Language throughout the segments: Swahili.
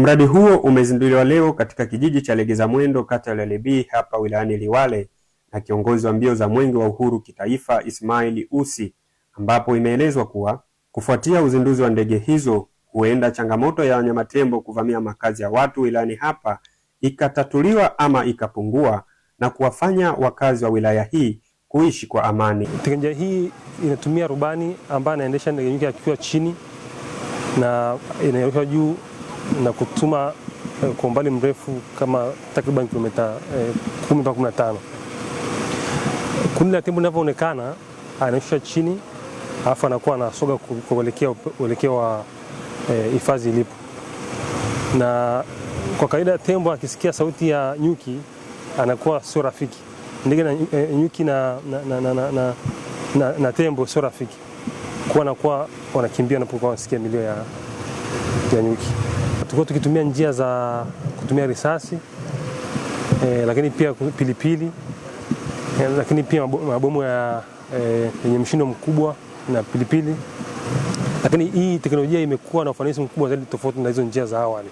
Mradi huo umezinduliwa leo katika kijiji cha Legeza Mwendo kata ya Lalebii hapa wilayani Liwale na kiongozi wa mbio za Mwenge wa Uhuru kitaifa Ismail usi ambapo imeelezwa kuwa kufuatia uzinduzi wa ndege hizo huenda changamoto ya wanyama tembo kuvamia makazi ya watu wilayani hapa ikatatuliwa ama ikapungua na kuwafanya wakazi wa wilaya hii kuishi kwa amani. Teknolojia hii inatumia rubani ambaye anaendesha ndege nyuki akiwa chini na inarushwa juu na kutuma eh, kwa umbali mrefu kama takriban kilomita 10 eh, mpaka 15. Kundi la tembo linavyoonekana anashusha chini alafu anakuwa anasoga kuelekea uelekeo wa eh, hifadhi eh, ilipo. Na kwa kawaida tembo akisikia sauti ya nyuki anakuwa sio rafiki. Ndege na eh, nyuki na, na, na, na, na, na, na tembo sio rafiki, kuwa anakuwa wanakimbia wanapokuwa wanasikia milio ya, ya nyuki. Tulikuwa tukitumia njia za kutumia risasi e, lakini pia pilipili E, lakini pia mabomu ya eh, yenye mshindo mkubwa na pilipili, lakini hii teknolojia imekuwa na ufanisi mkubwa zaidi tofauti na hizo njia za awali.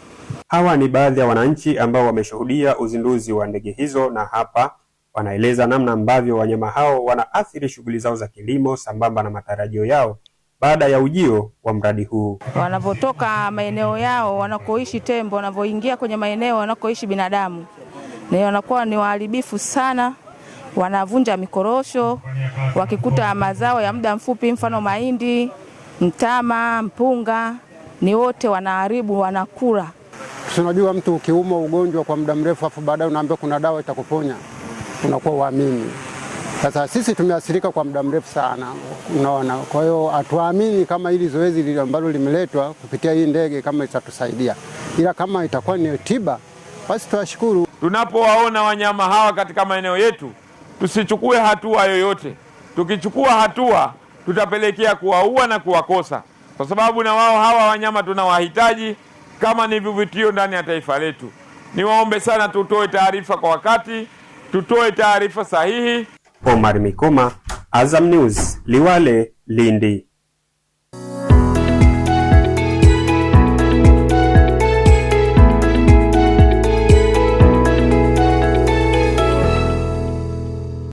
Hawa ni baadhi ya wananchi ambao wameshuhudia uzinduzi wa ndege hizo, na hapa wanaeleza namna ambavyo wanyama hao wanaathiri shughuli zao za kilimo sambamba na matarajio yao baada ya ujio wa mradi huu. Wanapotoka maeneo yao wanakoishi tembo, wanavyoingia kwenye maeneo wanakoishi binadamu, na wanakuwa ni waharibifu sana, wanavunja mikorosho. Wakikuta mazao ya muda mfupi, mfano mahindi, mtama, mpunga, ni wote wanaharibu, wanakula. Tunajua mtu ukiumwa ugonjwa kwa muda mrefu, afu baadaye unaambiwa kuna dawa itakuponya, unakuwa uamini sasa sisi tumeathirika kwa muda mrefu sana, unaona. Kwa hiyo hatuamini kama hili zoezi ambalo limeletwa kupitia hii ndege kama itatusaidia, ila kama itakuwa ni tiba, basi tuwashukuru. Tunapowaona wanyama hawa katika maeneo yetu, tusichukue hatua yoyote. Tukichukua hatua, tutapelekea kuwaua na kuwakosa, kwa sababu na wao hawa wanyama tunawahitaji kama ni vivutio ndani ya taifa letu. Niwaombe sana, tutoe taarifa kwa wakati, tutoe taarifa sahihi. Omar Mikoma, Azam News, Liwale, Lindi.